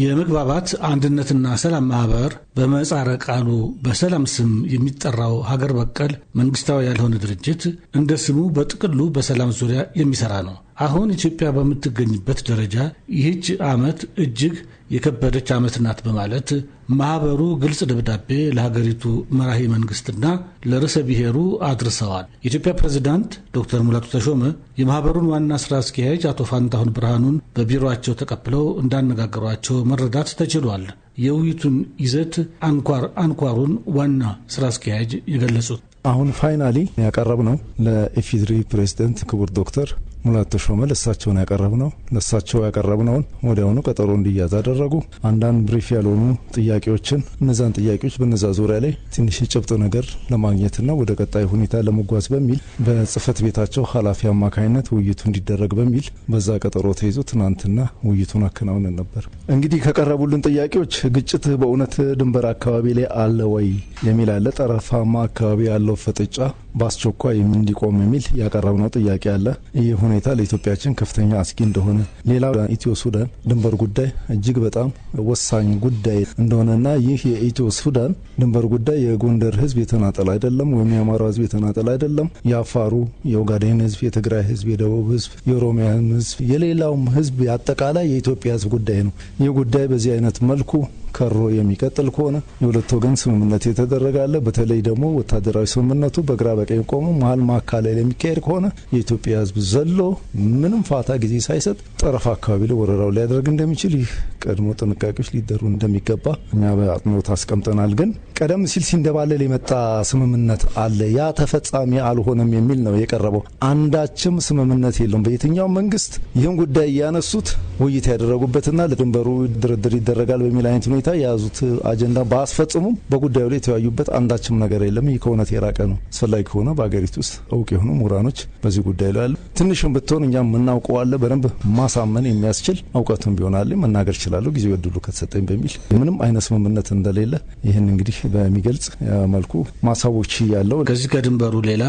የመግባባት አንድነትና ሰላም ማህበር በመጻረ ቃሉ በሰላም ስም የሚጠራው ሀገር በቀል መንግስታዊ ያልሆነ ድርጅት እንደ ስሙ በጥቅሉ በሰላም ዙሪያ የሚሰራ ነው። አሁን ኢትዮጵያ በምትገኝበት ደረጃ ይህች ዓመት እጅግ የከበደች ዓመት ናት በማለት ማኅበሩ ግልጽ ደብዳቤ ለሀገሪቱ መራሄ መንግስትና ለርዕሰ ብሔሩ አድርሰዋል። የኢትዮጵያ ፕሬዚዳንት ዶክተር ሙላቱ ተሾመ የማኅበሩን ዋና ሥራ አስኪያጅ አቶ ፋንታሁን ብርሃኑን በቢሮአቸው ተቀብለው እንዳነጋገሯቸው መረዳት ተችሏል። የውይይቱን ይዘት አንኳር አንኳሩን ዋና ሥራ አስኪያጅ የገለጹት አሁን ፋይናሊ ያቀረብ ነው ለኢፌዴሪ ፕሬዚደንት ክቡር ዶክተር ሙላት ተሾመ ለሳቸውን ያቀረብ ነው ለሳቸው ያቀረብነውን ወዲያውኑ ቀጠሮ እንዲያዝ አደረጉ። አንዳንድ ብሪፍ ያልሆኑ ጥያቄዎችን እነዛን ጥያቄዎች በነዛ ዙሪያ ላይ ትንሽ ጭብጥ ነገር ለማግኘትና ወደ ቀጣይ ሁኔታ ለመጓዝ በሚል በጽህፈት ቤታቸው ኃላፊ አማካኝነት ውይይቱ እንዲደረግ በሚል በዛ ቀጠሮ ተይዞ ትናንትና ውይይቱን አከናውነን ነበር። እንግዲህ ከቀረቡልን ጥያቄዎች ግጭት በእውነት ድንበር አካባቢ ላይ አለ ወይ የሚል አለ። ጠረፋማ አካባቢ ያለው ፍጥጫ በአስቸኳይም እንዲቆም የሚል ያቀረብነው ጥያቄ አለ። ይህ ሁኔታ ለኢትዮጵያችን ከፍተኛ አስጊ እንደሆነ፣ ሌላ ኢትዮ ሱዳን ድንበር ጉዳይ እጅግ በጣም ወሳኝ ጉዳይ እንደሆነና ይህ የኢትዮ ሱዳን ድንበር ጉዳይ የጎንደር ሕዝብ የተናጠል አይደለም ወይም የአማራ ሕዝብ የተናጠል አይደለም። የአፋሩ፣ የኦጋዴን ሕዝብ፣ የትግራይ ሕዝብ፣ የደቡብ ሕዝብ፣ የኦሮሚያ ሕዝብ፣ የሌላውም ሕዝብ አጠቃላይ የኢትዮጵያ ሕዝብ ጉዳይ ነው። ይህ ጉዳይ በዚህ አይነት መልኩ ከሮ የሚቀጥል ከሆነ የሁለት ወገን ስምምነት የተደረገ አለ። በተለይ ደግሞ ወታደራዊ ስምምነቱ በግራ በቀኝ ቆሞ መሀል ማካለል የሚካሄድ ከሆነ የኢትዮጵያ ሕዝብ ዘሎ ምንም ፋታ ጊዜ ሳይሰጥ ጠረፍ አካባቢ ላይ ወረራው ሊያደርግ እንደሚችል ይህ ቀድሞ ጥንቃቄዎች ሊደሩ እንደሚገባ እኛ በአጥኖት አስቀምጠናል። ግን ቀደም ሲል ሲንደባለል የመጣ ስምምነት አለ። ያ ተፈጻሚ አልሆነም የሚል ነው የቀረበው። አንዳችም ስምምነት የለውም። በየትኛው መንግስት ይህን ጉዳይ እያነሱት ውይይት ያደረጉበትና ለድንበሩ ድርድር ይደረጋል በሚል አይነት ሁኔታ ሁኔታ የያዙት አጀንዳ በአስፈጽሙም በጉዳዩ ላይ የተወያዩበት አንዳችም ነገር የለም። ይህ ከእውነት የራቀ ነው። አስፈላጊ ከሆነ በሀገሪቱ ውስጥ እውቅ የሆኑ ምሁራኖች በዚህ ጉዳይ ላይ አሉ። ትንሽም ብትሆን እኛም የምናውቀው አለ። በደንብ ማሳመን የሚያስችል እውቀቱን ቢሆን መናገር እችላለሁ ጊዜ እድሉ ከተሰጠኝ በሚል ምንም አይነት ስምምነት እንደሌለ ይህን እንግዲህ በሚገልጽ መልኩ ማሳቦች ያለው ከዚህ ከድንበሩ ሌላ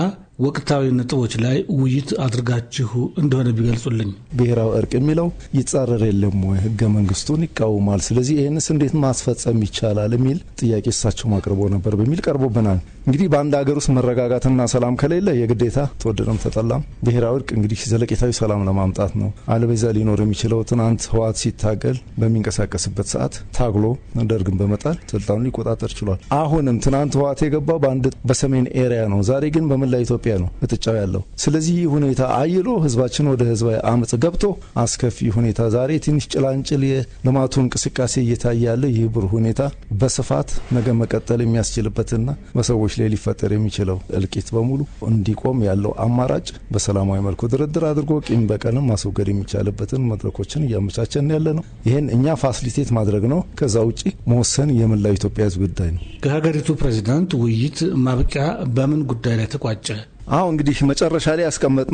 ወቅታዊ ነጥቦች ላይ ውይይት አድርጋችሁ እንደሆነ ቢገልጹልኝ። ብሔራዊ እርቅ የሚለው ይጻረር የለም ወይ ህገ መንግስቱን ይቃወማል። ስለዚህ ይህንስ እንዴት ማስፈጸም ይቻላል የሚል ጥያቄ እሳቸው አቅርቦ ነበር በሚል ቀርቦብናል። እንግዲህ በአንድ ሀገር ውስጥ መረጋጋትና ሰላም ከሌለ የግዴታ ተወደደም ተጠላም ብሔራዊ እርቅ እንግዲህ ዘለቄታዊ ሰላም ለማምጣት ነው። አለበዛ ሊኖር የሚችለው ትናንት ህወሓት ሲታገል በሚንቀሳቀስበት ሰዓት ታግሎ ደርግን በመጣል ስልጣኑ ሊቆጣጠር ችሏል። አሁንም ትናንት ህወሓት የገባው በአንድ በሰሜን ኤሪያ ነው። ዛሬ ግን በመላ ኢትዮጵያ ነው እጥጫው ያለው። ስለዚህ ይህ ሁኔታ አይሎ ህዝባችን ወደ ህዝባዊ አመፅ ገብቶ አስከፊ ሁኔታ ዛሬ ትንሽ ጭላንጭል የልማቱ እንቅስቃሴ እየታየ ያለ ይህ ብሩህ ሁኔታ በስፋት ነገ መቀጠል የሚያስችልበትና በሰዎች ሰዎች ላይ ሊፈጠር የሚችለው እልቂት በሙሉ እንዲቆም ያለው አማራጭ በሰላማዊ መልኩ ድርድር አድርጎ ቂም በቀልም ማስወገድ የሚቻልበትን መድረኮችን እያመቻቸን ያለ ነው። ይህን እኛ ፋሲሊቴት ማድረግ ነው። ከዛ ውጭ መወሰን የመላው ኢትዮጵያ ሕዝብ ጉዳይ ነው። የሀገሪቱ ፕሬዚዳንት ውይይት ማብቂያ በምን ጉዳይ ላይ ተቋጨ? አሁ እንግዲህ መጨረሻ ላይ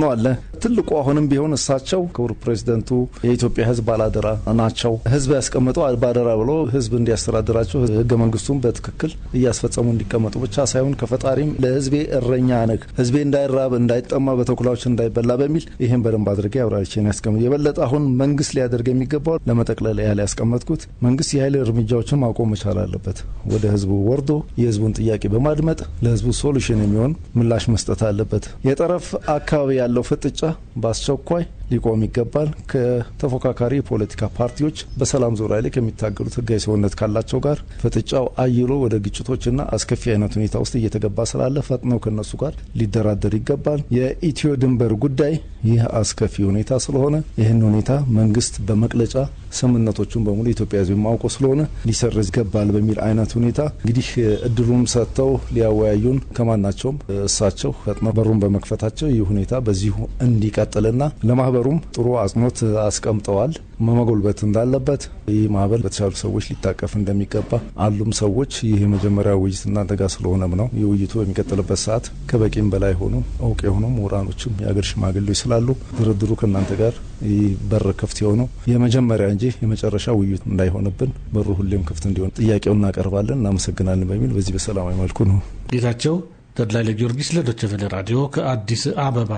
ነው አለ ትልቁ አሁንም ቢሆን እሳቸው ክቡር ፕሬዚደንቱ የኢትዮጵያ ህዝብ ባላደራ ናቸው። ህዝብ ያስቀመጠው ባደራ ብሎ ህዝብ እንዲያስተዳድራቸው ህገ መንግስቱን በትክክል እያስፈጸሙ እንዲቀመጡ ብቻ ሳይሆን ከፈጣሪም ለህዝቤ እረኛ ነህ፣ ህዝቤ እንዳይራብ እንዳይጠማ፣ በተኩላዎች እንዳይበላ በሚል ይህን በደንብ አድርጌ አብራሪችን ያስቀም የበለጠ አሁን መንግስት ሊያደርግ የሚገባው ለመጠቅለል ያህል ያስቀመጥኩት መንግስት የኃይል እርምጃዎችን ማቆም መቻል አለበት። ወደ ህዝቡ ወርዶ የህዝቡን ጥያቄ በማድመጥ ለህዝቡ ሶሉሽን የሚሆን ምላሽ መስጠት አለ አለበት። የጠረፍ አካባቢ ያለው ፍጥጫ በአስቸኳይ ሊቆም ይገባል። ከተፎካካሪ የፖለቲካ ፓርቲዎች በሰላም ዙሪያ ላይ ከሚታገሉት ህጋዊ ሰውነት ካላቸው ጋር ፍጥጫው አይሎ ወደ ግጭቶችና አስከፊ አይነት ሁኔታ ውስጥ እየተገባ ስላለ ፈጥነው ከነሱ ጋር ሊደራደር ይገባል። የኢትዮ ድንበር ጉዳይ ይህ አስከፊ ሁኔታ ስለሆነ ይህን ሁኔታ መንግስት በመቅለጫ ስምምነቶቹን በሙሉ ኢትዮጵያ ህዝብ ማውቆ ስለሆነ ሊሰርዝ ይገባል በሚል አይነት ሁኔታ እንግዲህ እድሉም ሰጥተው ሊያወያዩን ከማናቸውም እሳቸው ፈጥነው በሩን በመክፈታቸው ይህ ሁኔታ በዚሁ እንዲቀጥልና ለማህበ ማህበሩም ጥሩ አጽንኦት አስቀምጠዋል። መመጎልበት እንዳለበት ይህ ማህበር በተሻሉ ሰዎች ሊታቀፍ እንደሚገባ አሉም ሰዎች ይህ የመጀመሪያ ውይይት እናንተ ጋር ስለሆነም ነው። የውይይቱ በሚቀጥልበት ሰዓት ከበቂም በላይ ሆኑ እውቅ የሆኑ ምሁራኖችም የአገር ሽማግሌዎች ስላሉ ድርድሩ ከእናንተ ጋር በር ክፍት የሆኑ የመጀመሪያ እንጂ የመጨረሻ ውይይት እንዳይሆንብን በሩ ሁሌም ክፍት እንዲሆን ጥያቄው እናቀርባለን፣ እናመሰግናለን በሚል በዚህ በሰላማዊ መልኩ ነው። ጌታቸው ተድላይ ለጊዮርጊስ ለዶቸቨለ ራዲዮ ከአዲስ አበባ